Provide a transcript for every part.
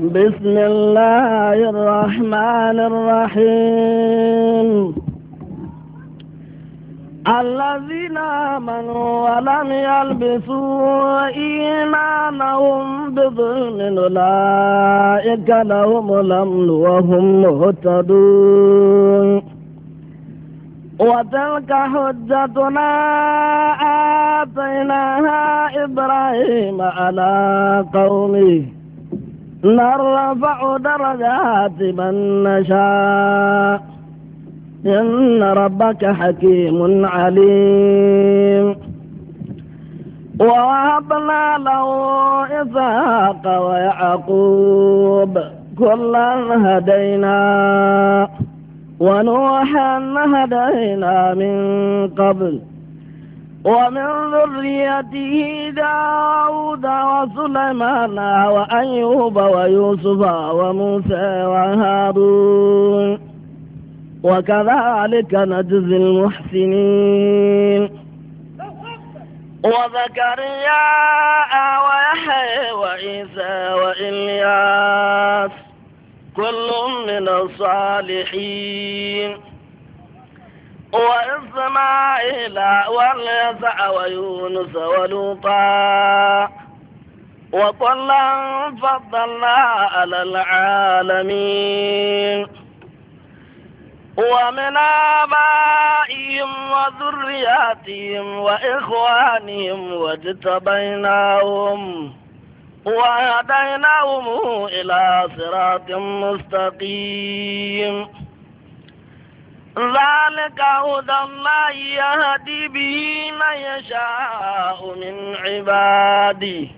بسم الله الرحمن الرحيم الذين آمنوا ولم يلبسوا إيمانهم بظلم أولئك لهم الأمن وهم مهتدون وتلك حجتنا آتيناها إبراهيم على قومه نرفع درجات من نشاء إن ربك حكيم عليم ووهبنا له إسحاق ويعقوب كلا هدينا ونوحا هدينا من قبل ومن ذريته داود وسليمان وأيوب ويوسف وموسى وهارون وكذلك نجزي المحسنين وزكريا ويحيى وعيسى وإلياس كل من الصالحين وإسماعيل واليسع ويونس ولوطا وكلا فضلنا على العالمين ومن آبائهم وذرياتهم وإخوانهم واجتبيناهم وهديناهم إلى صراط مستقيم ذلك هدى الله يهدي به من يشاء من عبادي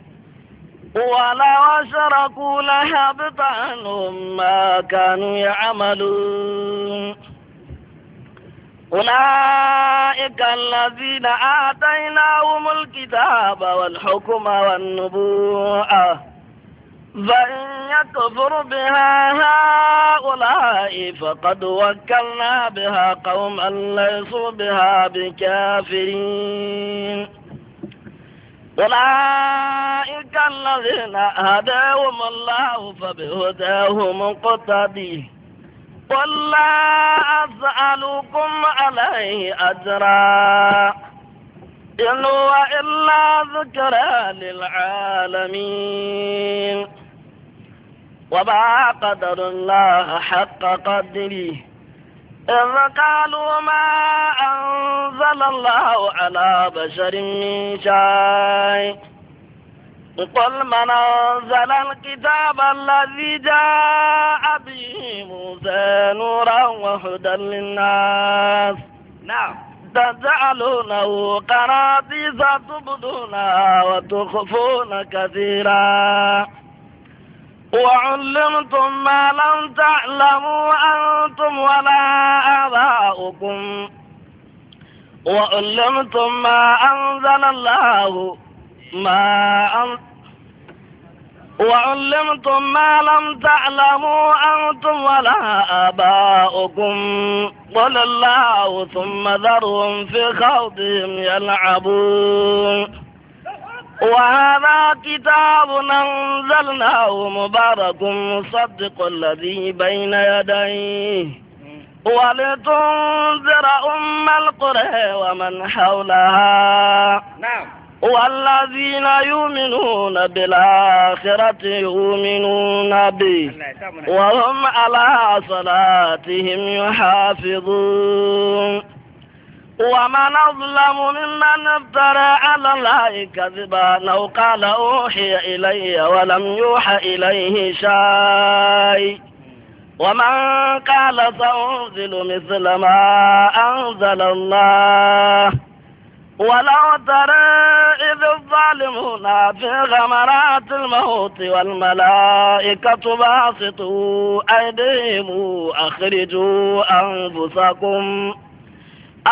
ولو أشركوا لهبط عنهم ما كانوا يعملون أولئك الذين آتيناهم الكتاب والحكم والنبوءة فإن يكفر بها هؤلاء فقد وكلنا بها قوما ليسوا بها بكافرين أولئك الذين هداهم الله فبهداهم اقتدي قل لا أسألكم عليه أجرا إن هو إلا ذكرى للعالمين وما قدر الله حق قدره إذ قالوا ما أنزل الله على بشر من شيء قل من أنزل الكتاب الذي جاء به موسى نورا وهدى للناس نعم تجعلونه قراطيس تبدونها وتخفون كثيرا وعلمتم ما لم تعلموا أنتم ولا آباؤكم وعلمتم ما أنزل الله ما أنزل وعلمتم ما لم تعلموا أنتم ولا آباؤكم قل الله ثم ذرهم في خوضهم يلعبون وهذا كتاب أنزلناه مبارك مصدق الذي بين يديه ولتنذر أم القرى ومن حولها نعم والذين يؤمنون بالآخرة يؤمنون به وهم على صلاتهم يحافظون ومن أظلم ممن افترى على الله كذبا أو قال أوحي إلي ولم يوحى إليه شيء ومن قال سأنزل مثل ما أنزل الله ولو ترى إذ الظالمون في غمرات الموت والملائكة باسطوا أيديهم أخرجوا أنفسكم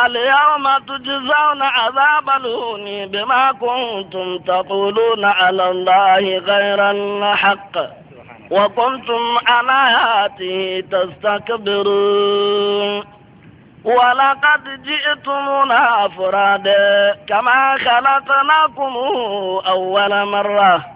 اليوم تجزون عذاب الهون بما كنتم تقولون على الله غير الحق وكنتم على آياته تستكبرون ولقد جئتمونا فرادا كما خلقناكم أول مرة